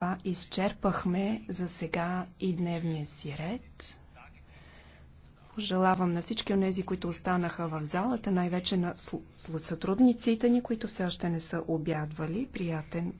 това изчерпахме за сега и дневния си ред. Пожелавам на всички от тези, които останаха в залата, най-вече на сътрудниците ни, които все още не са обядвали. Приятен